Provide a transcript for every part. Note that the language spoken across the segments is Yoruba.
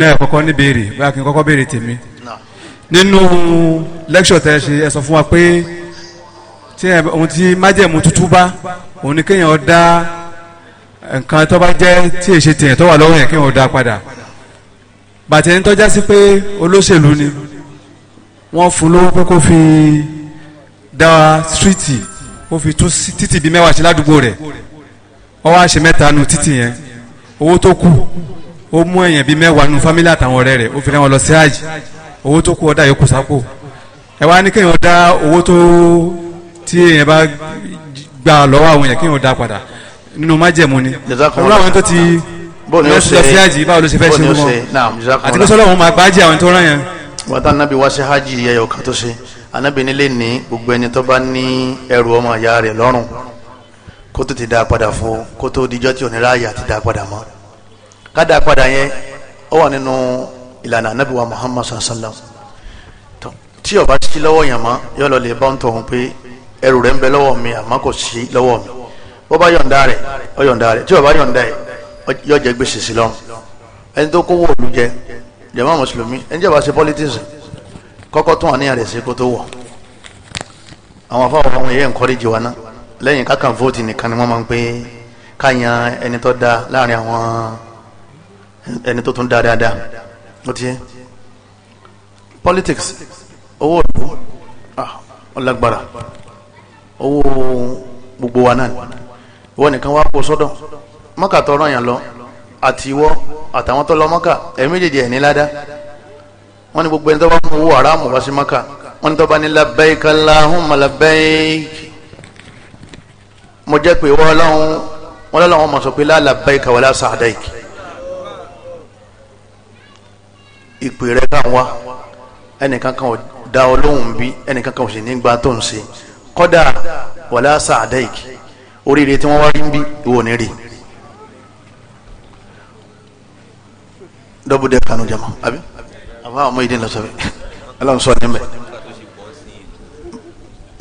náà kọ́kọ́ ní béèrè bóyá kí n kọ́kọ́ béèrè tèmi nínú lẹ́kṣọ̀ tẹ́ ṣe ẹ sọ fún wa pé tí ohun tí májẹ̀mú tútú bá òun ni kéèyàn dá nǹkan tó bá jẹ́ tí èṣe tèèyàn tó wà lọ́wọ́ yẹn kéèyàn dá padà bàtẹ́ ń tọ́já sí pé olóṣèlú ni wọ́n fún lówó pé kó fi dá stíìtì ó fi tún títì bíi mẹ́wàá ṣe ládùúgbò rẹ̀ ó wá ṣe mẹ́ta nu títì yẹn owó tó kù ó mú èèyàn bíi mẹ́wàá nínú fámílì àtàwọn ọ̀rẹ́ rẹ̀ ó fi rán wọn lọ sí hajj owó tó kú ọ̀dà yòókù sápò ẹ wá ní kéèyàn dá owó tó tí èèyàn bá gbà lọ́wọ́ àwọn èèyàn kéèyàn dá padà nínú májẹ̀mú ni ọlọ́run àwọn tó ti lọ sí hajj báwo ló ṣe fẹ́ ṣe wọn àti pé sọlọ́run máa gbájì àwọn tó rán yẹn. wọ́n tán nábì wá sí hajj ẹyọ kan tó ṣe anábì nílé ní gbogbo ẹni tó bá ní ẹrù ọmọ ìyá rẹ̀ lọ́rùn kó tó ti dá padà fún kó tó dijọ́ tí ò ráàyè àti dá padà mọ́ Kada padà yẹn ó wà nínú ìlànà anábì wa muhammad sallam tí ó bá sí lọ́wọ́ yàn mọ́ yóò lọ lè bá ń tọ̀hún pé ẹrù rẹ̀ ń bẹ lọ́wọ́ mi àmọ́ kò sí lọ́wọ́ mi bó bá yọ̀ǹda rẹ̀ ó yọ̀ǹda rẹ̀ tí ó yọ̀ǹda ẹ̀ yóò jẹ́ gbèsè sí lọ́rùn ẹni tó kówó òlu jẹ jàmá mùsùlùmí ẹni jẹ́ bá ṣe politics kọ́kọ́ tún àníyàn rẹ̀ sí kó tó wọ̀ àwọn afáwọn ọmọ yẹn encourage wa náà lẹ́yìn kákan vote nìkan ni wọ́n máa ń pé káyan ẹni tó dáa láàrin àwọn ẹni tó tún dá dáadáa ó ti yẹ politics owó òdòdó ah, ọlágbára owó gbogbo wa náà wọ́n nìkan wá kó sọ́dọ̀ mọ́kà tọrọ yàn lọ àti ìwọ àtàwọn tó lọ mọ́kà ẹ̀mí jẹjẹ ẹ̀ ní ládá wọ́n ní gbogbo ẹni tó bá mú owó àràmù wá sí mọ́kà wọ́n ní tó bá ní labbaik Allahumma labbaik mo jẹ́ pé wọ́n lọ́wọ́ wọn lọ́wọ́ mọ̀ sọ pé la labbaik wala sa'daik ìpè rẹ kàn wá ẹnìkan kan ò dá ọ lóhùn bí ẹnìkan kan ò sì ní gba tó ń ṣe kọ́dà wàlá sàdáìkì oríire tí wọ́n wá rí ń bí ìwọ ní rí dọ́bù kanu jama àbí àbá ọmọ yìí lọ sọ́bẹ̀ ọlọ́run sọ ní mẹ́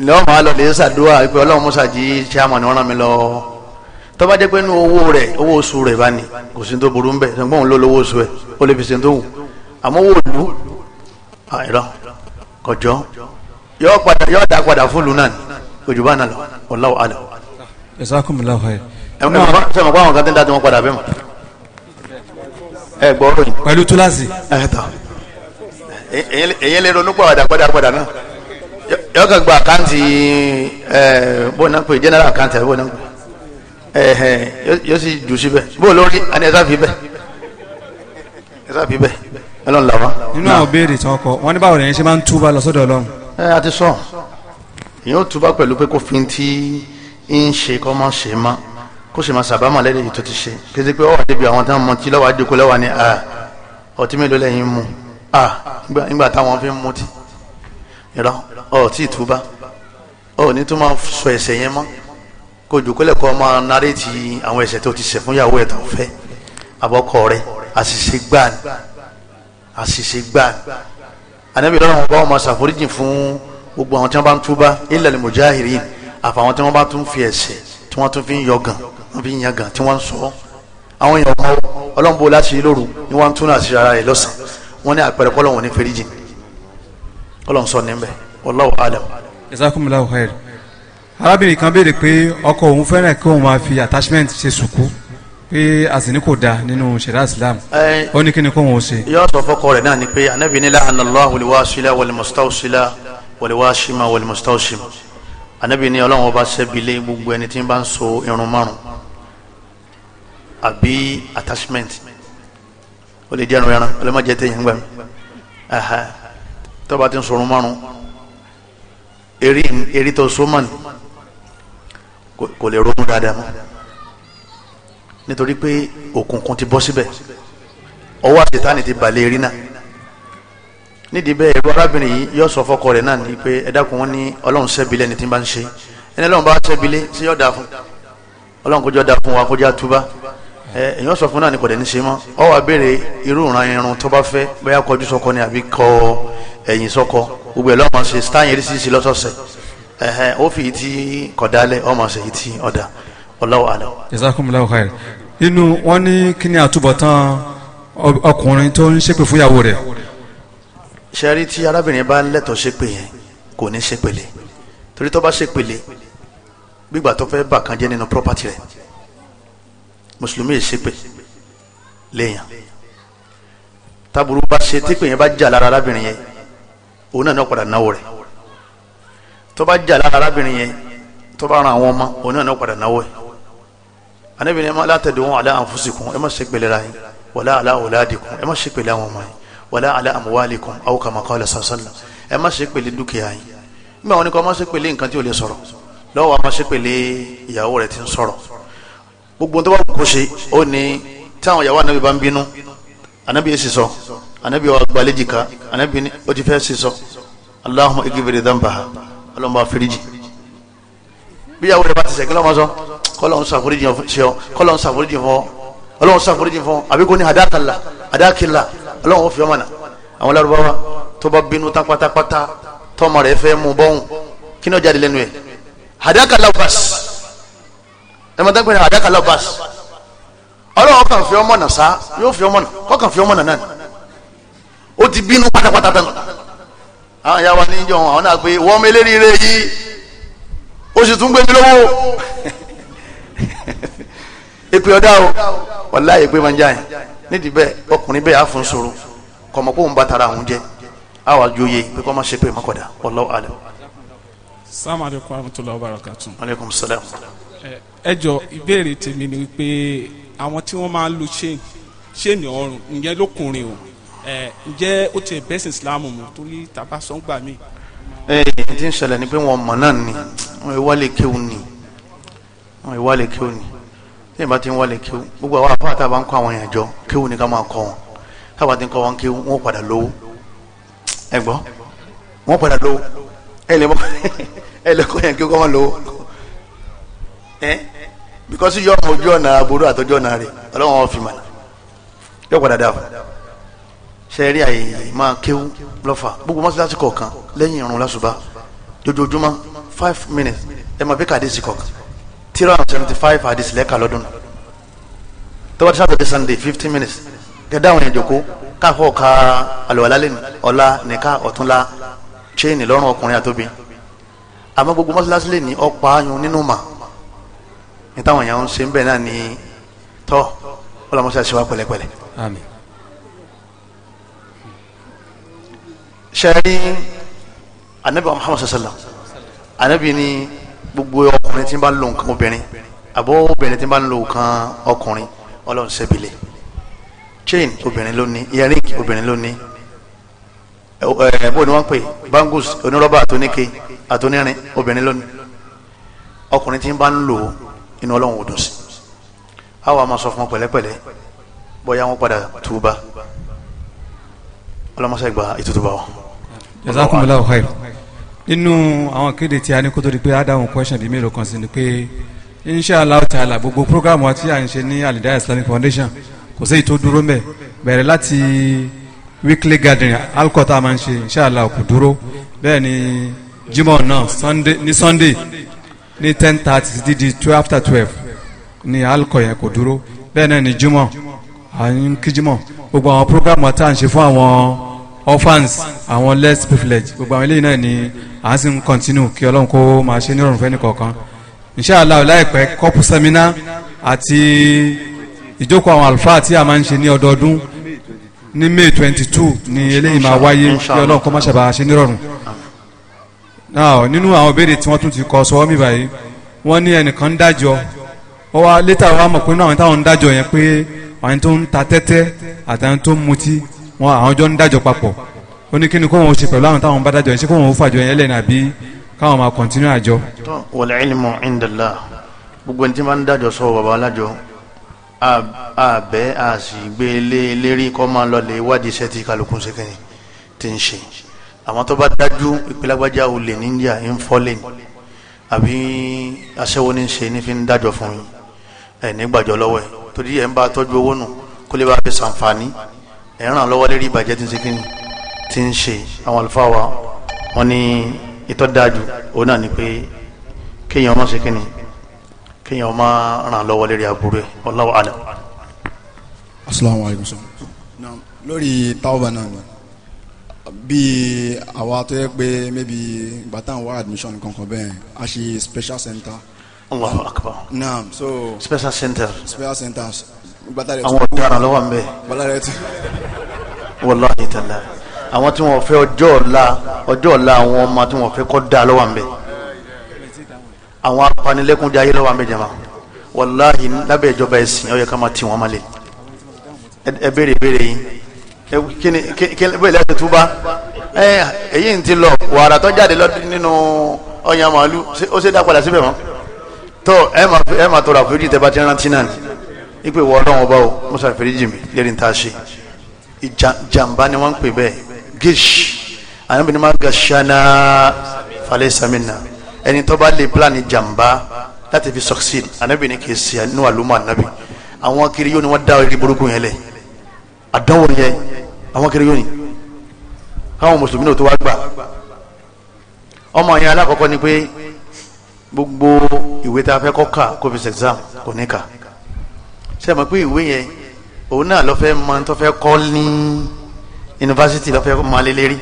lọ́wọ́ máa lọ lè ṣàdúrà pé ọlọ́run musa jí chairman ni wọ́n rán mi lọ tó bá jẹ́ pé inú owó rẹ̀ owó oṣù rẹ̀ bá ní kò sí tó burú ń bẹ̀ ṣùgbọ́n òun ló lówó oṣù ẹ̀ ó lè fi ṣe tó wù àmọ́wòlú àìrọ ah, kọjọ yóò padà yóò dá padà fún lùnà ní ojúbá náà lọ wallahu alam. jazakumullahu khair. ẹ mọ sọ ma kó àwọn kan tẹ́ ń dá tí wọ́n padà bẹ́ẹ̀ mọ́ ẹ gbọ́ ròyìn. pẹ̀lú túláàsì. ẹ tán èyí lè ronú pàwàdà padàpadà náà yọ kàn gba àkáǹtì bóńdà pé general àkáǹtì àbí bóńdà pé yóò sì jù síbẹ̀ bóò lórí àni ẹ̀sà fi bẹ̀ ẹ̀sà fi bẹ̀ Ọlọ́run làwọn. nínú àwọn béèrè tí wọn kọ wọn ní báwo lẹ́yìn ṣe máa ń túbà lọ sọ́dọ̀ Ọlọ́run. ẹ a ti sọ èyàn ó túbà pẹ̀lú pé kó fi ti ń ṣe kọ́ mọ́ ṣe mọ́ kó ṣe máa sàbámọ̀ lẹ́yìn tó ti ṣe kéde pé ọ̀wà débi àwọn táwọn mọtí lọ́wọ́ àdìkú lọ́wọ́ ni a ọtí mélòó lẹ́yìn mu a nígbà táwọn fi ń mutí ìrọ ọtí ìtúbà ọ ní tó máa sọ ẹ̀ṣẹ̀ yẹn mọ́ kó jòkólẹ̀ kọ́ máa nárètì àwọn ẹ̀ṣẹ̀ tó ti ṣẹ̀ fún ìyàwó ẹ̀ tó fẹ́ abọ́kọ rẹ̀ àṣìṣe gbáà àṣìṣe gbà ànábì lọ́wọ́ bá wọn máa ṣàforíjì fún gbogbo àwọn tí wọ́n bá ń túbá ilal mujahirin àfàwọn tí wọ́n bá tún fi ẹ̀ṣẹ̀ tí wọ́n tún fi ń yọgàn wọ́n fi ń yangàn tí wọ́n ń sọ àwọn èèyàn ọmọ ọlọ́mọbó láti lóru ni wọ́n ń tún àṣírí ara rẹ̀ lọ́sàn wọ́n ní àpẹẹrẹ kọ́ lọ́wọ́ ní fèrèjì ọlọ́run sọ níbẹ̀ wallahu alam. jazakumullahu khair arábìnrin kan béèrè pé ọkọ òun fẹ́ràn kí òun máa pé àsìní kò dáa nínú ṣẹ̀dá islam ó ní kí ni kó wọn ṣe. yóò sọ fọkọ rẹ náà ni pé anabi nílá anallahu wàlíwàsílá wàlímọ̀sítáwòsílá wàlíwàsímà wàlímọ̀sítáwòsímà anabi ní ọlọ́run ọba ṣẹ́bilé gbogbo ẹni tí ń bá ń so irun márùn àbí attachment o lè jẹ́ irun ẹran ó lè má jẹ́ tẹ̀yìn gbà mí tó bá ti ń so irun márùn eré tó so mọ́ ni kò lè ronú dáadáa mọ́ nítorí pé òkùnkùn ti bọ́ síbẹ̀ ọwọ́ àṣetánì ti balẹ̀ rí náà nídìí bẹ́ẹ̀ irú arábìnrin yìí yóò sọ fọ́kọ rẹ̀ náà ni pé ẹ dákun wọn ní ọlọ́run sẹ́bilẹ̀ ni tí n bá ń ṣe ẹni ọlọ́run bá sẹ́bilẹ̀ sí yọ̀dà fún ọlọ́run kójọ́ dá fún wa kójá túbá èèyàn sọ fún náà ni kò dẹ̀ ní ṣe mọ́ ọ wà béèrè irú ìran irun tó bá fẹ́ bóyá kọjú sọkọ ni àbí kọ ẹ̀yìn sọkọ gbogbo ẹ̀ lọ́mọ ṣe stáyìn eréṣiríṣi lọ́sọ̀ọ̀sẹ̀ ó fi ìtì kọ̀dálẹ̀ ọmọ ṣe ìtì ọ̀dà wallahu alam. jazakumullahu khair inú wọn ní kí ni àtúbọ̀tán ọkùnrin tó ń ṣépè fúyàwó rẹ̀. ṣẹ́rí tí arábìnrin bá ń lẹ́tọ̀ọ́ ṣépè yẹn kò ní ṣépèlè torí tó bá ṣépèlè gbígbà tó fẹ́ bà kan jẹ́ nínú property rẹ̀ mùsùlùmí ṣépè léèyàn táburú bá ṣe típè yẹn bá jà lára arábìnrin yẹn òun náà ní ọ̀padà náwó rẹ̀ tó bá jà lára arábìnrin yẹn tó bá ran àwọn ọmọ òun náà ní ọ̀padà náwó rẹ̀ anabi ni ma látẹ̀dù wọn ala anfusikum ẹ má ṣe pẹ̀lẹ́ ra yín wala ala auladikum ẹ má ṣe pẹ̀lẹ́ àwọn ọmọ yín wala ala amwalikum aw kama qala sàṣàlà ẹ má ṣe pẹ̀lẹ́ dúkìá yín nígbà wọn ni kò má ṣe pẹ̀lẹ́ nǹkan tí ò lè sọ̀rọ̀ lọ́wọ́ a má ṣe pẹ̀lẹ́ ìyàwó rẹ̀ ti ń sọ̀rọ̀ gbogbo tó bá kó ṣe ó ní táwọn ìyàwó anabi bá ń bínú anabi yẹn sì anabi wa gbalẹ́jì anabi ni ó ti fẹ́ sì sọ Allahumma igibiri dhanbaha ọlọ́mọba fìríjì bíyàwó rẹ bá ti sẹ̀kí lọ́mọ sọ kọ́lọ́n sàforíjì fún kọ́lọ́n sàforíjì fún ọlọ́run sàforíjì fún àbí kò ní àdákàlà àdákìlà ọlọ́run fi ọmọ nà àwọn lárúbáwá tó bá bínú tán pátápátá tọmọ rẹ fẹ́ mú bọ́hùn kí ni ó jáde lẹ́nu ẹ̀ àdákàlà bas ẹ̀ mọ̀tá gbẹ̀rẹ̀ àdákàlà bas ọlọ́run kàn fi ọmọ nà sá yóò fi ọmọ wa níjọ àwọn ó sì tún gbé mi lọ́wọ́ èpè ọ̀dà o wàlá èpè máa ń jà yẹn nídìí bẹ́ẹ̀ ọkùnrin bẹ́ẹ̀ á fún sòrò kọ̀mọ̀ kó ń bá tara òun jẹ́ àwọn àjòyè pé kọ́ máa ṣe pé mọ́kọ̀dá wallahu alam. assalamu alaykum wa rahmatullahi wa barakatuh. aleykum salaam. ẹ jọ ìbéèrè tèmi ni wípé àwọn tí wọ́n máa ń lo chain chain ọrùn ìyẹn lókùnrin o ǹjẹ́ ó ti bẹ́sìn islam mu torí tàbá sọ́ngbà mi. ẹ ẹ ti ń ṣẹlẹ̀ ni pé wọ́n mọ̀ náà ni wọn ìwálé kéwù ni wọn ìwálé kéwù ni tí ìbá ti ń wálé kéwù gbogbo àwọn afọ àtàbà ń kọ àwọn èèyàn jọ kéwù ni ká máa kọ wọn tábà ti ń kọ wọn kéwù wọn padà lówó ẹ gbọ́ wọn padà lówó ẹ lè mọ ẹ lè kọ yẹn kéwù kọ́ wọn lówó ẹ bíkọ́sì yọ ọmọ ojú ọ̀nà àbúrò àtọ́jú ọ̀nà rẹ̀ ọlọ́wọ́n fi mà yọ padà dà fún sẹ́rí àyè máa kéwù lọ́fà gbogbo mọ́sálásí kọ̀ọ̀kan lẹ́yìn ìrun lásùbà jojoojúmọ́ five minutes ẹ máa fi ka hadisi kọ̀ọ̀kan three hundred seventy five hadisi lẹ́ka lọ́dún náà tó bá ti sábà di sunday fifteen minutes gẹ́gẹ́ àwọn ìjòkó káfọ́ ka àlùwàlá lẹ́nu ọ̀la nìka ọ̀túnla chain lọ́rùn ọkùnrin àtòbí àmọ́ gbogbo mọ́sálásí lè ní ọ̀pá ayun nínú mà ní táwọn èèyàn ń ṣe ń bẹ̀ náà ní tọ́ ọlọ́mọṣẹ́ ṣe wá pẹ̀lẹ́pẹ̀lẹ́. àmín. ṣe rí anabi muhammad sallallahu alaihi wa sallam anabi ni gbogbo ọkùnrin tí ń bá ń lo nǹkan obìnrin àbọ̀ obìnrin tí ń bá ń lo nǹkan ọkùnrin ọlọ́run ṣẹ́bílẹ̀ chain obìnrin ló ní earring obìnrin ló ní ẹ bó ni wọ́n pè bangles onírọ́bà àtúnike àtúnírin obìnrin ló ní ọkùnrin tí ń bá ń lo inú ọlọ́run ò dùn sí àwa máa sọ fún ọ pẹ̀lẹ́pẹ̀lẹ́ bóyá wọ́n padà túbà ọlọ́mọṣẹ́ gba ìtútù bá wọn. jazakumullahu khair nínú àwọn kéde tí a ní kó tó di pé á dáhùn question bíi mélòó kan sí ni pé inshallah taala gbogbo programu àti à ń ṣe ní alidaya islamic foundation kò sí ètò dúró mbẹ bẹ̀rẹ̀ láti weekly gathering alkota máa ń ṣe inshallah kò dúró bẹ́ẹ̀ ni jimoh náà sunday ní sunday ní ten thirty títí di two after twelve ni alkọ yẹn kò dúró bẹ́ẹ̀ náà ni jimoh à ń kí jimoh gbogbo àwọn programu àti à ń ṣe fún àwọn orphans àwọn less privileged gbogbo àwọn eléyìí náà ni à ń sì ń continue kí ọlọ́run kó máa ṣe nírọ̀rùn fẹ́ nìkọ̀ọ̀kan inshallah láìpẹ́ kọ́pù seminar àti ìjókòó àwọn àlùfáà tí a ń ṣe ní ọdọọdún ní may twenty two ni eléyìí máa wáyé kí ọlọ́run kó máa ṣàbà ṣe nírọ̀rùn. now nínú àwọn ìbéèrè tí wọ́n tún ti kọ sọ́wọ́ mi báyìí wọ́n ní ẹnìkan ń dájọ́ ó wá létà wa mọ̀ pé náà àwọn táwọn ń dájọ́ yẹn pé àwọn tó ń ta tẹ́tẹ́ àtàwọn tó ń mutí wọn àwọn jọ ń dájọ́ papọ̀ ó ní kíni kó wọn ṣe pẹ̀lú àwọn táwọn bá dájọ́ yẹn ṣé kó wọn ó fàjọ yẹn lẹ́nu àbí káwọn máa kọ̀ntínú àjọ. wal ilmu indallah gbogbo ní tí wọ́n ń dájọ́ sọ bàbá alájọ àbẹ́ àṣìgbè lérí kọ́ máa lọ lè wádìí iṣẹ́ tí kálukú ṣe kẹ́ni ti ń ṣe àwọn tó bá dájú ìpilágbájá olè níjà ń fọ́lẹ̀ àbí aṣẹ́wó ní ṣe ní fi ń dájọ́ fún yín ẹ̀ nígbàjọ́ lọ́wọ́ ẹ̀ torí ẹ̀ ń bá tọ́jú owó nù kó lè bá fi ṣàǹfààní ẹ̀ràn lọ́wọ́ lérí ìbàjẹ́ tí ń ṣe kí ti ń ṣe àwọn àlùfáà wa ní ìtọ́ dájú náà ni pé kéèyàn ọmọ ṣe kí ni kéèyàn ọmọ ràn lọ́wọ́ lérí àbúrò ẹ̀ wallahu alam. asalaamu alaykum sir. lórí tawba náà ni bí àwa tó yẹ pé maybe ìgbà táwọn wá admission kankan bẹ́ẹ̀ a ṣe special center. Allahu akbar. naam so. special center. special centers àwọn ọ̀daràn lọ́wọ́ ń bẹ̀ wàláhì tàlà àwọn tí wọ́n fẹ́ ọjọ́ ọ̀la ọjọ́ ọ̀la àwọn ọmọ tí wọ́n fẹ́ kọ́ da lọ́wọ́ ń bẹ̀ àwọn apanilẹ́kúnjẹ ayé lọ́wọ́ ń bẹ̀ jẹ̀mọ́ wàláhì lábẹ́ ìjọba ẹ̀sìn ó yẹ ká máa tì wọ́n mọ́lẹ̀ ẹ béèrè béèrè yín kíni kíni bẹ́ẹ̀ lẹ́sẹ̀ túbá èyí ń ti lọ wàrà tó jáde lọ́dún nínú ọyàn màálù ó ṣe dá padà síbẹ̀ mọ́ tó ẹ máa tó ra fújì tẹ́ bá ti rántí náà ipe wọ ọlọ́run ọba o musa fèrèjì mi lérí ń ta ṣe jàǹbá ni wọ́n ń pè bẹ́ẹ̀ gish àwọn obìnrin máa gàṣánà falẹ̀ samina ẹni tó bá lè plan jàǹbá láti fi succeed ànábì ni kìí ṣe inú àlùmọ́ ànábì àwọn kiri yóò ni wọ́n dá orí burúkú yẹn lẹ̀ àdánwò yẹn àwọn kiri yóò ni káwọn mùsùlùmí náà tó wá gbà ọmọ yẹn alákọ̀ọ́kọ́ ni pé gbogbo ìwé tá a fẹ́ kọ́ kà kó exam kò ní kà ṣe mọ̀ pé ìwé yẹn òun náà lọ́fẹ́ mọ tó fẹ́ kọ́ ní yunifásitì lọ́fẹ́ mọ alélẹ́rí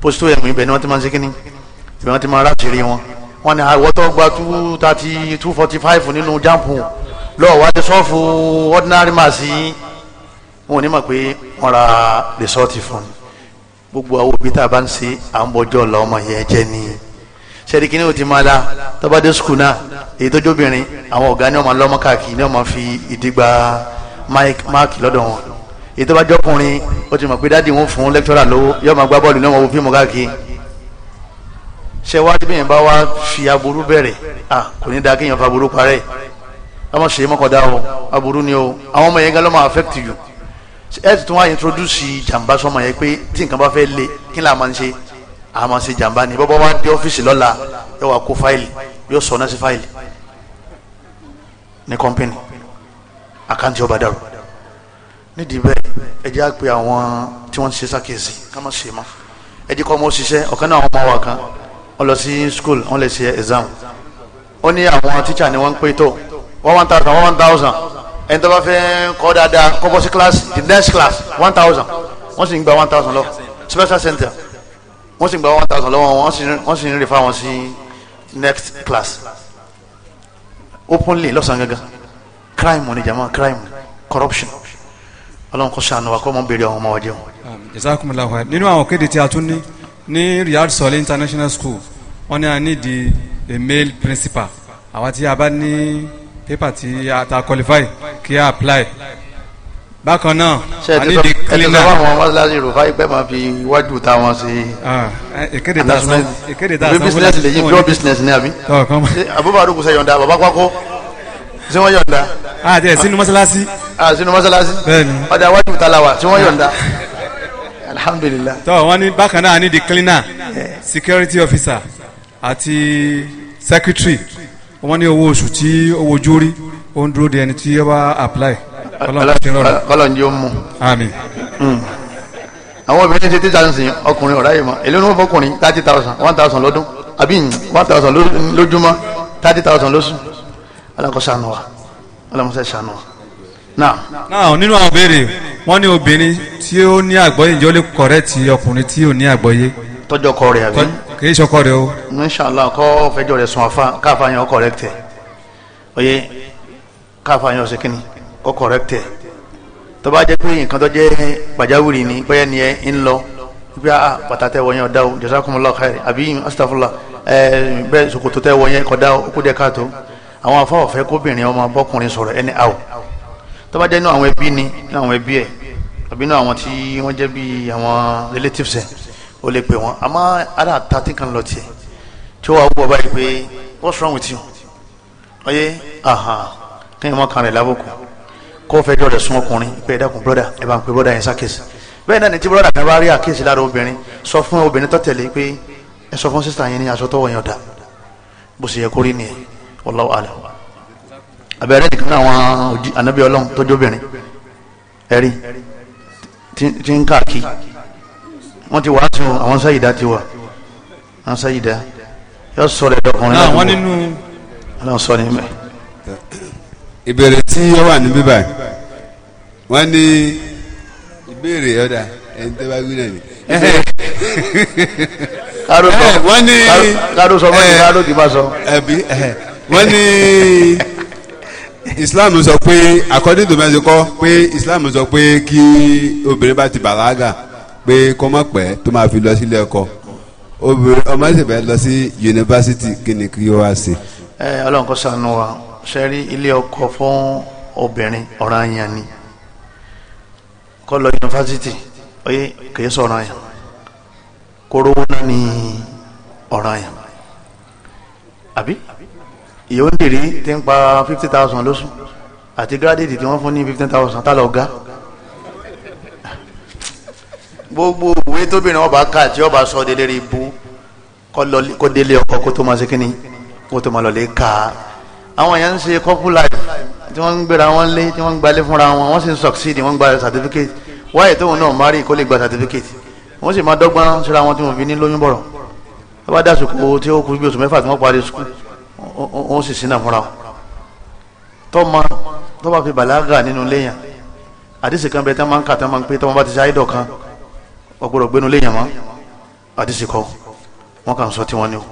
pósítò ẹ̀mí ibẹ̀ ni wọ́n ti máa ń ṣe kínní ibẹ̀ wọ́n ti máa ráṣìírí wọn wọn ni àwọ̀tọ́ gba two thirty two forty five nínú jáàmù lọ́ọ̀ wá ti sọ́ọ̀fù ordinary mass yìí wọn ò ní mọ̀ pé wọ́n ra rìsọ́ọ̀tì fún un gbogbo àwọn òbí tá a bá ń ṣe à ń bọ́jọ́ ọ̀la ọmọ yẹn jẹ́ nìyẹn sẹ́ẹ̀dì kìíní ò ti máa la tọ́bádé skul náà èyí tó jóbìnrin àwọn ọ̀gá ní ọmọ lọ́mọ káàkiri ní ọmọ fi ìdígba máàkì lọ́dọ̀ wọn èyí tó bá jọkùnrin ó ti mọ̀ pé dáàdi wọn fún lẹ́kítọ́rà lówó yóò máa gbá bọ́ọ̀lù ní ọmọ fíìmù káàkiri ṣe wá bá wá fi aburú bẹ̀rẹ̀ à kò ní da kéèyàn fa aburú parẹ́ ọmọ ṣe mọ́kàndá o aburú ni o àwọn ọmọ yẹn gan affect you ẹ ti introduce jàǹbá sọmọ yẹn pé tí nǹkan bá fẹ́ a máa ṣe jàǹbá ni bọ́bọ́ wá dé ọ́fíìsì lọ́la yóò wá kó fáìlì yóò sọ náà sí fáìlì ní kọ́mpínì àkáǹtì ọba dàrú nídìí bẹ́ẹ̀ ẹ jẹ́ àpè àwọn tí wọ́n ti ṣe sákèsì ká má ṣe mọ́ ẹ jẹ́ kọ́ ọmọ òṣìṣẹ́ ọ̀kan náà àwọn ọmọ wa kan wọ́n lọ sí school wọ́n lè ṣe exam ó ní àwọn tíṣà ni wọ́n ń pè tó one thousand one thousand ẹni tó bá fẹ́ kọ́ dáadáa kọ́ bọ́ sí class the next class one thousand wọ́n sì ń gba one thousand lọ special center wọ́n sì gba one thousand lọ́wọ́ wọn wọ́n sì ń refer sí next class openly lọ́sàn gangan crime ni jama crime corruption ọlọ́run kò sànù wa kó mọ̀ béèrè àwọn ọmọ wa jẹun. jazakumullahu khair nínú àwọn kéde tí a tún ni ni Riyadh Solih international school wọ́n ni a ni di a male principal àwa tí a bá ni paper tí a ta qualify kí a apply bákan náà a ní di cleaner. ẹtùtù àwọn mọ́sálásí rúfà ìpẹ́ máa fi iwájú táwọn ṣe. Ah, eh, ìkéde tá a sanwó ìkéde tá a sanwó. business lè yí pure business ní àbí. abubakar kò sẹ́yọ̀ǹda bàbá kwakọ́ ṣé wọ́n yọ̀ǹda. a ah, jẹ sínú mọ́sálásí. a ah, sínú mọ́sálásí. bẹ́ẹ̀ni ọjà iwájú talawa ṣé wọ́n yọ̀ǹda. alhamdulillah. tọ́ wọ́n ní bákan náà a ní di cleaner eh. security officer àti secretary wọ́n ní owó oṣù tí owó jórí ó ń dúró de ẹni tí ó bá apply kọ́lọ̀ ń jí ó mú. Hmm. àwọn obìnrin ṣe títà ń sìn ọkùnrin ọ̀rá yìí mọ́ èlé onímọ̀ fọkùnrin thirty thousand one thousand lọ́dún àbí one thousand lójúmọ́ thirty thousand lóṣù alákọ̀ ṣàánú wa alámọ̀ṣẹ́ ṣàánú wa. Na. nínú àwọn béèrè wọ́n ní obìnrin tí ó ní àgbọ́yé ǹjẹ́ ó lè kọ̀rẹ́ẹ̀tì ọkùnrin tí ò ní àgbọ́yé tọjọ kọ rẹ àbí. kìí sọkọ rẹ o. inshàlá kọ́ fẹjọ́ rẹ̀ sùn àfa káfa yẹn ọkọ̀ rẹ̀ tẹ̀ oye káfa yẹn ọ̀sẹ̀ kínní ọ correct ẹ tó bá jẹ́ pé nǹkan tó jẹ́ pàjáwìrì ni bóyá ni ẹ ń lọ bí a ah, pàtàtẹ wọ̀nyẹn ọ̀dá o jazakumullahu khair àbí astafurla ẹ bẹ́ẹ̀ ṣòkòtò tẹ wọ̀nyẹn kọ̀dá o kó jẹ́ káàtó àwọn afọ ọ̀fẹ́ kóbìnrin ọmọ bọ́kùnrin sọ̀rọ̀ ẹni àwò tó bá jẹ́ inú àwọn ẹbí ni inú àwọn ẹbí ẹ̀ àbí inú àwọn tí wọ́n jẹ́ bí àwọn relatives ẹ̀ o lè pè wọ́n àmọ́ ara ta tí kan lọ tiẹ̀ tí ó wà wúwo báyìí pé what's wrong with you ọyẹ kí ni wọ́n kan rẹ̀ lábùkù kó fẹ́ jọ rẹ̀ sún ọkùnrin pé ẹ dákun brọ́dà ẹ bá ń pe brọ́dà yẹn sákèsì bẹ́ẹ̀ náà ni tí brọ́dà kan bá rí àkèsì lára obìnrin sọ fún obìnrin tó tẹ̀lé pé ẹ sọ fún sísá yẹn ní aṣọ tọwọ́ yẹn ọ̀dà bó ṣe yẹ kó rí nìyẹn wallahu alam abẹ́rẹ́ nìkan náà wọn ànábì ọlọ́run tọ́jú obìnrin ẹ̀rí tí ń káàkiri wọ́n ti wàásù àwọn sáyidá ti wà àwọn sáyidá yọ sọ̀rọ̀ ẹ̀dọ̀kùnrin náà wọ́n nínú ọlọ́run tí ó wà níbí báyìí wọ́n ní ìbéèrè ọ̀dà ẹni tó bá gbé náà ni. káró sọ wọ́n ní káró sọ wọ́n ní káró kì í bá sọ. wọ́n ní Islam sọ pé according to mẹ́sìn kọ́ pé Islam sọ pé kí obìnrin bá ti bàlágà pé kó má pẹ́ tó máa fi lọ sílé ẹ̀kọ́ obìnrin ọmọ ẹ̀sìn bẹ́ẹ̀ lọ sí yunifásitì kí ni kí ó wá sí. Ọlọ́run kò ṣàánú wa sẹ́rí ilé ọkọ fún obìnrin ọ̀ranyàn ni kó lọ yunifásitì oyè kìí sọ̀rọ̀ yẹn kórówó náà ni ọ̀ranyàn àbí ìyóò ń dìrí tí ń pa fifty thousand lóṣù àti gírádìtì tí wọ́n fún ní fifteen thousand tá lọ ga gbogbo òwe tóbìnrin ọba ká tí ọba sọ délé rí bú kó délé ọkọ kó tó máa ṣe kínní kó tó máa lọ lè ka àwọn èèyàn ń ṣe couple life tí wọ́n ń gbéra wọn lé tí wọ́n ń gbalé fúnra wọn wọ́n sì ń succeed wọ́n ń gba certificate wáyé tóun náà mari kó lè gba certificate wọ́n sì máa dọ́gbọ́n síra wọn tí wọ́n fi ní lóyún bọ̀rọ̀ tó bá dàsùkú tí ó kú bí oṣù mẹ́fà tí wọ́n parí sukú wọ́n sì sínà fúnra wọn tọ́mọ tó bá fi bàlágà nínú léyàn àdìsí kan bẹ tán máa ń kà tán máa ń pé tọ́mọ bá ti ṣe àìdọ̀ kan ọgbọ́dọ̀ gbénu léyàn mọ́ àdìsí kọ́ wọ́n kàn sọ tí wọ́n ní o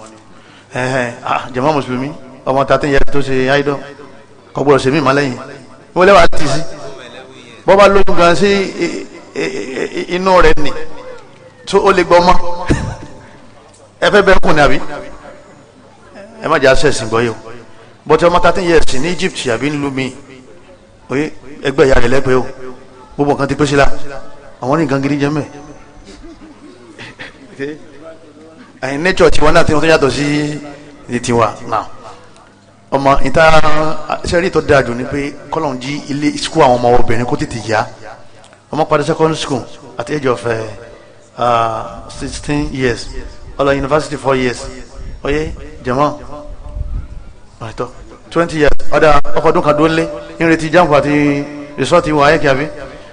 ẹ̀hẹ̀ ah, jàmá mùsùlùmí ọmọ tàtí yẹ tó ṣe áìdọ́ kò gbọ́dọ̀ ṣe mí ma lẹ́yìn wọ́n lẹ́wà tì sí bọ́ lóyún gan sí inú rẹ̀ nì tó ó lè gbọ́ mọ́ ẹ fẹ́ bẹ́ẹ̀ kùn ní àbí ẹ má jà sẹ̀sìn gbọ́ yìí o bọ́tí ọmọ tàtí yẹ sí ní Egypt àbí nílùú mi oye ẹgbẹ́ ìyá rẹ̀ lẹ́gbẹ̀ẹ́ o gbogbo nǹkan ti pèsè la àwọn nìkan gidi jẹ́ mẹ́ ẹ̀yin nature tiwọn náà ti wọ́n tó yàtọ̀ sí ti tiwa náà ọmọ ìta sẹ́rí tó dáa jù ni pé kọ́lọ́n jí ilé sukú àwọn ọmọ obìnrin kó tètè yá ọmọ padà secondary school at age of eh, ah, sixteen uh, years ọlọ university four years oyè jẹmọ ọ̀tọ̀ twenty years ọ̀dà ọkọ̀ ọdún kan dúró lé ń retí jamb àti resort wà ayé kíabi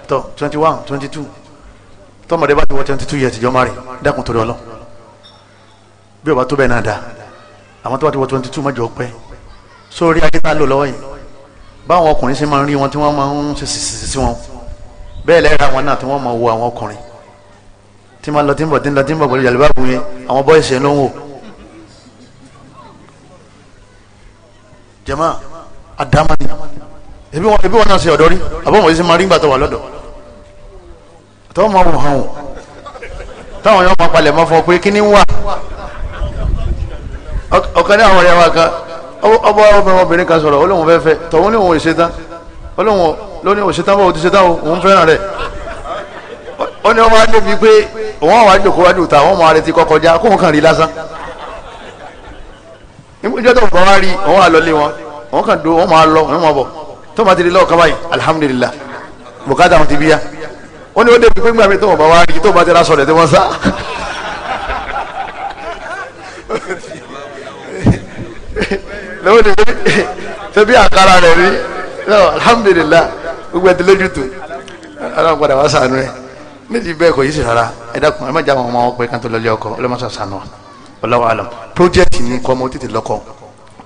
tọ twenty one twenty two tọmọdé bá ti wọ twenty two years ìjọ mari dákun torí ọlọ bí o bá tó bẹ́ẹ̀ náà dáa àwọn tó bá ti wọ twenty two mọ́jọ pẹ́ sórí ayé tá a lò lọ́wọ́ yìí báwọn ọkùnrin ṣe máa ń rí wọn tí wọ́n máa ń ṣe ṣiṣẹ́ sí wọn bẹ́ẹ̀ lẹ́ra wọn náà tí wọ́n máa wo àwọn ọkùnrin tí máa lọ tí ń bọ̀ tí ń lọ tí ń bọ̀ pẹ̀lú yàrá ìbáàbò yẹn àwọn bọ́ọ̀sì ṣe ló ń wò. jama adamani ebi wọn ebi wọn náà ṣe ọ̀dọ́ rí àbọ̀mọ̀ yìí ṣe máa rí gbàtọ̀ wà lọ́dọ̀ àtọ́wọ́ máa wò hàn wò táwọn yóò máa palẹ̀ mọ́ fọ pé kíní wà ọ̀kan ní àwọn ọ̀rẹ́ wa kan ọba ọmọbìnrin kan sọ̀rọ̀ olóhùn fẹ́ fẹ́ tọ̀hún ní òun ìṣetán olóhùn lóní òṣetán bá òun ti ṣetán òun fẹ́ràn rẹ̀ ó ní ọmọ adé bíi pé òun àwọn àjòkó wájú ta àwọn ọmọ arẹ ti kọkọjá kóun kàn rí lásán ìjọ tó bá wá rí òun àlọlé wọn òun kàn do òun máa lọ òun máa bọ̀ tó máa ti rí lọ́wọ́ kaba yìí alihamudulila bùkátà wọn ti bíyà ó ní ó débi pé gbàgbé tó wọn wá rí tó bá ti rà sọ̀rọ̀ tó sá. lọ́wọ́ ni pé ṣebí àkàrà rẹ̀ rí alhamdulilah gbogbo ẹ̀dí lójú tó ọlọ́run padà wá sànú ẹ̀ níbi bẹ́ẹ̀ kò yí sí rárá ẹ̀dá kan ẹ má jà wọn ọmọ ọpẹ kan tó lọlé ọkọ ọlọ́mọṣà sànú ọlọ́wọ́ àlọ́ project ni kọ́ ọmọ tètè lọ́kọ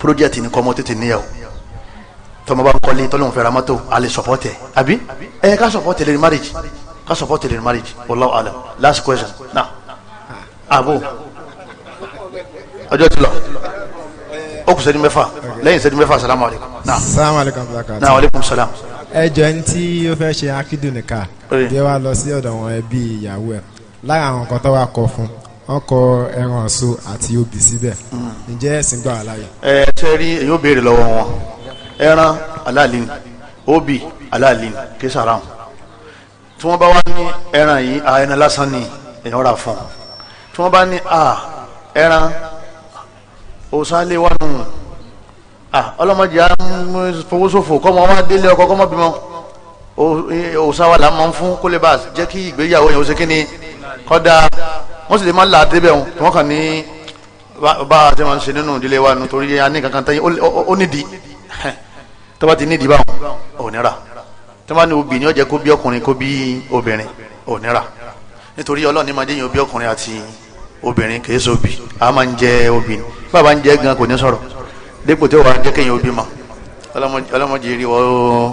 project ni kọ́ ọmọ tètè níyàwó tọmọ bá ń kọ́lé tọ́lọ́hún fẹ́ra mọ́tò alẹ́ sọ̀pọ́tẹ̀ àbí ẹ ká sọ̀pọ́tẹ̀ lè marriage ká sọ̀pọ́tẹ̀ lè marriage wallahu alam last question na abo ọjọ́ ti lọ ó kù sẹ́dí mẹ́fà lẹ́yìn sẹ́dí mẹ́fà salamu alaykum. salamu alaykum abdulkar. na aleykum salam. ẹ jọ ẹni tí ó fẹ́ ṣe akidu nìka bí wàá lọ sí ọ̀dọ̀ wọn ẹbí ìyàwó ẹ̀ lára àwọn nǹkan tó wà kọ fún wọn kọ ẹran ọ̀ṣọ́ àti obì síbẹ̀ hmm. ǹjẹ́ ẹ̀sìn gbà láàyè. ẹ ṣe rí èyí ó béèrè lọ́wọ́ wọn ẹran aláàlín obì aláàlín kí sàrà wọn tí wọ́n bá wá ní ẹran yìí ẹran lásán ni èèyàn rà fún un tí wọ́n bá ní ẹran òsán lé wà nù ọlọ́mọdé fowósòfò kọ́mọ wá délé ọkọ kọ́mọ bímọ òsán wà lámọ́ fún kó lè bá jẹ́ kí ìgbéyàwó yẹn ó ṣe kí ni kọ́dá wọ́n sì lè má là débẹ̀ wọn wọ́n kàn ní bá a ti máa ń ṣe nínú ìdílé wa nù torí a ní kankan tẹ́yìn ó nídìí tó bá ti nídìí báwọn ò nira tó bá ní obì ní ọ̀jẹ̀ kó bí ọkùnrin kó bí obìnrin ò nira nítorí ọlọ́ọ̀ni máa dé yẹn ó bí ọkùnrin àti obìnrin kìí sobi a máa ń jẹ obìnrin bàbá ń jẹ gan kò ní sọ̀rọ̀ dípò tí ó wà á jẹ́ kéèyàn obì mọ́ ọlọ́mọdé rí wọ́n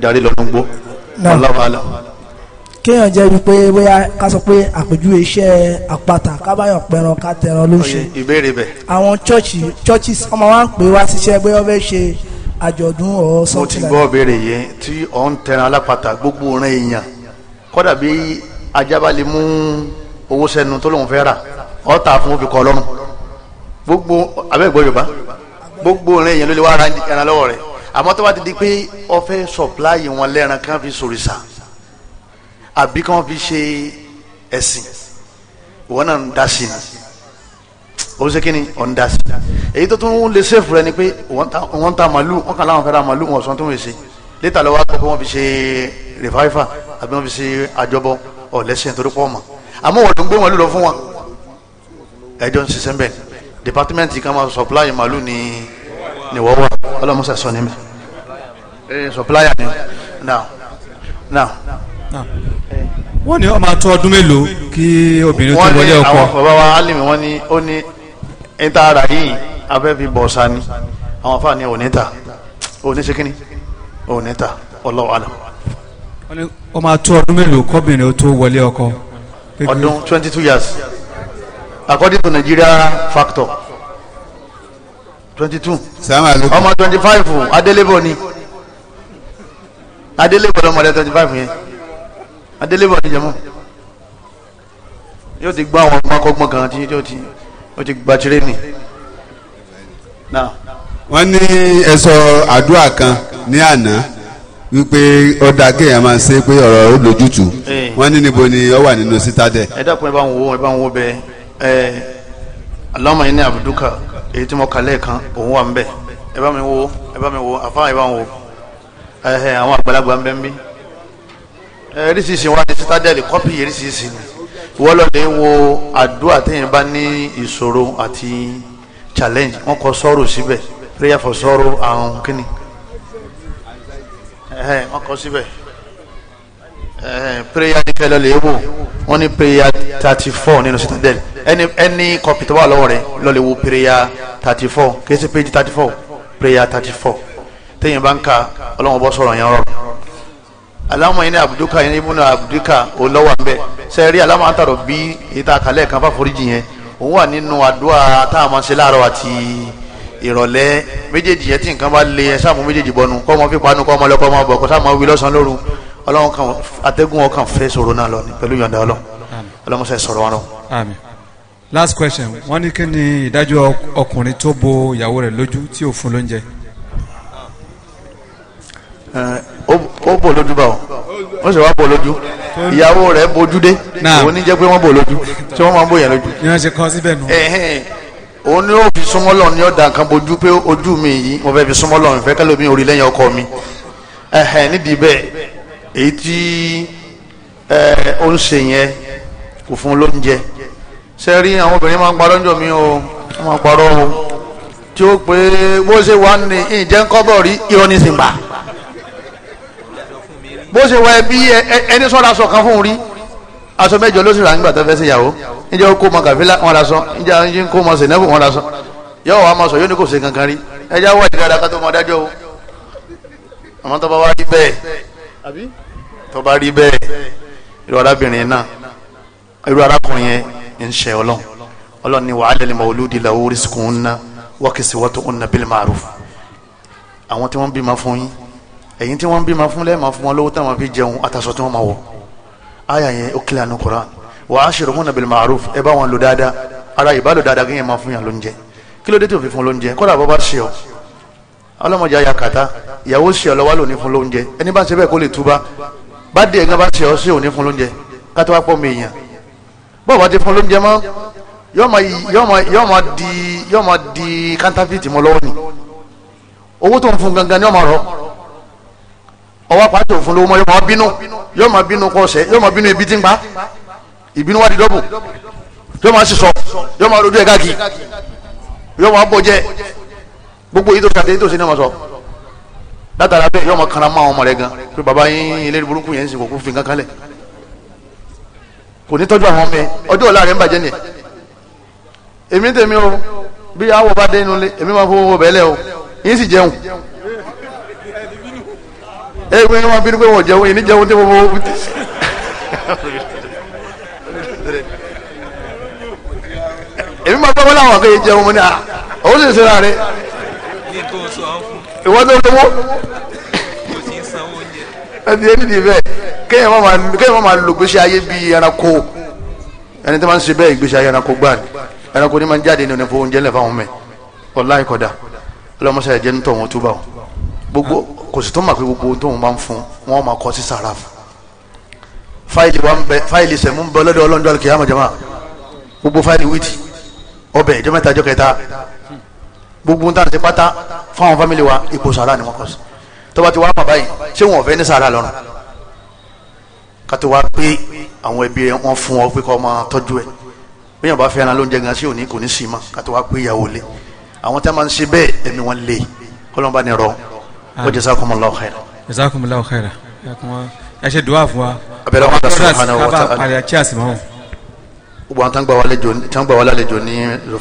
darí lọ́dún gbó ọlọ́wàlá. kéèyàn jẹ́ wípé bóyá ká sọ pé àpèjúwe iṣẹ́ àpáta kábàyàn pẹran ká tẹran ló ṣe. ìbéèrè bẹ̀. àwọn chọ́ọ̀chì chọ́ọ̀chì ọmọ wa ń pè wá síṣẹ́ bóyá wọ́n ṣe àjọ̀dún ọ̀ sọ́ọ̀tì. mo ti gbọ́ owó sẹ́nu tó lóun fẹ́ rà ọ́ tà fún obìkọ́ ọlọ́run gbogbo abẹ́gbọ́ yorùbá gbogbo rẹ̀ yẹn ló lè wá ara ẹran lọ́wọ́ rẹ̀ àmọ́ tó bá ti di pé ó sọ̀pláyì wọn lẹ́ran kí fi sòrìṣà àbí kí fi ṣe ẹ̀sìn ìwọ náà ń da sí ni ó ṣe kí ni ọ̀ ń da sí èyí tó tún lè ṣèfù rẹ ni pé wọ́n ń ta màlúù wọ́n kàn láwọn fẹ́ ra màlúù wọn sọ́n tó ń ṣe létà lọ́wọ́ àgbẹ̀ wọ́n fi ṣe rìfáífà àbí wọ́n fi ṣe àjọbọ ọ̀lẹ́sìn torí pọ́ àmọ́ wọ́n ló ń gbé màálù lọ fún wọn ẹjọ́ ń ṣiṣẹ́ bẹ́ẹ̀ dìpátímẹ́ǹtì kan máa sọ̀pláyì màálù ní níwọ́wọ́ ọlọ́mọṣẹ́ sọ níbẹ̀ ẹ sọ̀pláyà ni now now. wọ́n ní ọmọ àtọ́ ọdún mélòó kí obìnrin tó wọlé ọkọ. àwọn bàbá wa alimi wọn ni ó ní níta ara yìí afẹ́fi bọ̀ ọ̀sá ni àwọn afáà ni òníta òníṣekínní òníta ọlọ́wọ́ àlọ́. wọ́n ní ọmọ àtọ́ ọdún mélòó kọ́bìnrin tó wọlé ọkọ ọdún twenty two years according to Nigeria factor twenty two ọmọ twenty five adélébọ̀ ni adélébọ̀ lọmọ rẹ twenty five yẹn adélébọ̀ ni jẹmọ yóò ti gbọ́ àwọn ọmọkọ́gbọ́n kan tí yóò ti ó ti gba tirẹ́nì náà. wọ́n ní ẹ̀sọ́ àdúrà kan ní àná wípé ọ̀dà kéèyàn máa ṣe pé ọ̀rọ̀ ó lójútùú wọ́n ní níbo ni ó wà nínú sítádẹ̀. ẹ dákun ẹ bá ń wo ẹ bá ń wo bẹ ẹ alama yìí ní abuduka èyí tí mo kà lẹ́ẹ̀kan òun wà ń bẹ ẹ bá mi wo ẹ bá mi wo àfáà ẹ bá ń wo ẹ àwọn àgbàlagbà ń bẹ ń bí ẹ oríṣiríṣi wọn ní sítádẹ̀ lè kọ́pì oríṣiríṣi ni wọ́n lọ lè wo àdúrà téèyàn bá ní ìṣòro àti challenge wọ́n kọ sọ́rọ̀ síbẹ̀ prayer for sorrow and kíni wọ́n kọ síbẹ̀ prayer ní kẹlẹ́ lè wò wọ́n ní prayer thirty four nínú citadel ẹni ẹni kọ̀pì tó wà lọ́wọ́ rẹ̀ lọ́ọ́ lè wo prayer thirty four kì í ṣe page thirty four prayer thirty four téèyàn bá ń ka ọlọ́wọ́n bọ́ sọ̀rọ̀ yẹn rọrùn alama yìí ní abuduka yìí ní ibùnú abuduka olówó àmbẹ sẹ́ẹ̀rí alama àtàrọ̀ bí ìta àkàlẹ̀ kan fáforíjì yẹn òun wà nínú àdúrà táwọn máa ń ṣe láàárọ̀ àti ìrọ̀lẹ́ méjèèjì yẹn tí nǹkan bá le ẹ sáàmù méjèèjì bọnu kọ́ ọmọ fipá nu kọ́ lọ́kọ́ ọmọ bọ̀ kọ́ sáàmù wí lọ́sàn lóru ọlọ́run kan atẹ́gùn ọkàn fẹ́ sọ̀rọ̀ náà lọ pẹ̀lú yọ̀ǹda ọlọ́run ọlọ́run sẹ́ sọ̀rọ̀ wọn. last question wọ́n ní kí ni ìdájọ́ ọkùnrin tó bo ìyàwó rẹ̀ lójú tí ò fún lóúnjẹ. ó bò lójú bá wọn ó sì wá bò lójú ìyàwó rẹ̀ bojú dé òun ní jẹ́ pé wọ́n bò lójú tí wọ́n máa ń bò yẹn lójú. ìyẹn ṣe kọ́ síbẹ̀ nù òun ni ó fi súnmọ́ lọ ní ọ̀dà kan bójú pé ojú mi yìí mo fẹ́ fi súnmọ́ lọ ìfẹ́ kálọ̀ mi orí lẹ́yìn ọkọ mi ẹ̀hẹ̀ nídìí bẹ́ẹ̀ èyí tí ó ń ṣe yẹn kò fún lóúnjẹ ṣe rí àwọn obìnrin máa ń parọ́ ńjọ mi o wọ́n máa parọ́ o tí ó pé bó ṣe wà ní ìjẹ́ ń kọ́bọ̀ rí irọ́ ní sìnbà bó ṣe wà ẹbí ẹni sọ́ra sọ̀kan fún un rí aṣọ mẹ́jọ ló sì rà nígbà tó fẹ́ sí ìyàwó níjẹ́ ó kó mọ kàfílà wọn lásán níjẹ́ ó ń kó mọ sènẹ́fù wọn lásán yọ wàá máa sọ yóò ní kò ṣe kankan rí ẹjẹ́ wà ní dáadáa ká tó mọ dájọ́ o àmọ́ tó bá wá rí bẹ́ẹ̀ tó bá rí bẹ́ẹ̀ irú arábìnrin náà irú arákùnrin yẹn ń ṣe ọlọ́run ọlọ́run ni wa'ala al-mawludi lahu rizquhunna wa kiswatuhunna bil ma'ruf àwọn tí wọ́n bímọ fún yín ẹ̀yin tí wọ́n bímọ fún aya yẹn ó kílẹ̀ àánú Quran wa ashirumuna bil ma'ruf ẹ bá wọn lò dáadáa ara ìbálò dáadáa kéèyàn máa fún yàn lóúnjẹ kí ló dé tó fi fún lóúnjẹ kódà bọ́ bá ṣe ọ ọlọ́mọdé ayà kàtá ìyàwó ṣe ọ lọ́wọ́ lóní fún lóúnjẹ ẹni bá ṣe bẹ́ẹ̀ kó lè túbá bá dé ẹ̀gán bá ṣe ọ ṣe òní fún lóúnjẹ kátó wá pọ̀ mèèyàn bọ́ọ̀ bá ti fún lóúnjẹ mọ́ yọ́ máa di kántáfìtì mọ́ lọ́wọ́ ni owó tó ń fún gangan ni ọmọ rọ ọwọ́ pàtó fún lówó mọ́ yọ́ máa bínú yóò máa bínú kọsẹ̀ yóò máa bínú ibi tí ń pa ìbínú wa di dọ́bù yóò máa sísọ yóò máa lójú ẹ̀ káàkiri yóò máa bọ̀ jẹ́ gbogbo yìí tó ṣàtẹ yìí tó ṣe ní ọmọ sọ látara bẹ́ẹ̀ yóò máa kanra mọ́ àwọn ọmọ rẹ̀ gan pé baba yín ilé burúkú yẹn ń sìn kò kó fi nǹkan kalẹ̀ kò ní tọ́jú àwọn ọmọ yẹn ọjọ́ ọ̀la rẹ̀ ń bàjẹ́ nìyẹn èmi tèmi o bí awọ bá dé inú ilé èmi máa fowó bẹ́ẹ̀ lẹ́ o yín sì jẹun ẹ pé wọn bínú pé wọn ini yìí ní jẹun tí mo mọ. èmi máa gbọ́ wọn láwọn akéye jẹun mo ní à òun sì ń sera rẹ. ìwọ tó lówó. ẹni ẹni dì bẹ́ẹ̀ kéèyàn máa lo gbèsè ayé bíi ẹranko ẹni tó máa ń ṣe bẹ́ẹ̀ gbèsè ayé ẹranko gbà ní ẹranko ní máa ń jáde ní ọ̀nà oúnjẹ lẹ́fà wọn mẹ́ ọ̀la ìkọ̀dà ọlọ́mọṣẹ́ ẹ̀jẹ̀ ń tọ̀ wọn túbà wọn gbogbo kò sì tún mọ̀ pé gbogbo tóun bá ń fún wọn máa kọ sí sàrà fún fáìlì wa ń bẹ fáìlì sẹ̀mú ń bẹ lọ́dọ̀ ọlọ́dún àlùkè àmọ̀ jama gbogbo fáìlì wíìtì ọbẹ̀ ìjọ mẹ́ta ìjọ kẹta gbogbo ń tàn pátá fáwọn fámìlì wa ipò sàrà ni wọ́n kọ sí tọ́ba ti wá mà báyìí ṣé wọn ò fẹ́ ní sàrà lọ́rùn kátó wá pé àwọn ẹbí wọn fún ọ pé kọ́ máa tọ́jú ẹ̀ bíyàn bá fẹ́ràn lóúnjẹ gan sí òní kò ní sí ma kátó wá pé ìyàwó lé àwọn tá a máa ń ṣe bẹ́ẹ̀ ẹ̀mí wọn lé kọ́lọ́mbà ni rọ wa jazakumullahu khaira. jazakumullahu khaira ẹ ṣe dùwà fún wa. abẹ́rẹ́ wọn lọ sọ fún wa. kábàá pàrẹ̀ àti àsìmọ́. gbogbo àwọn tán gbà wálé jò ní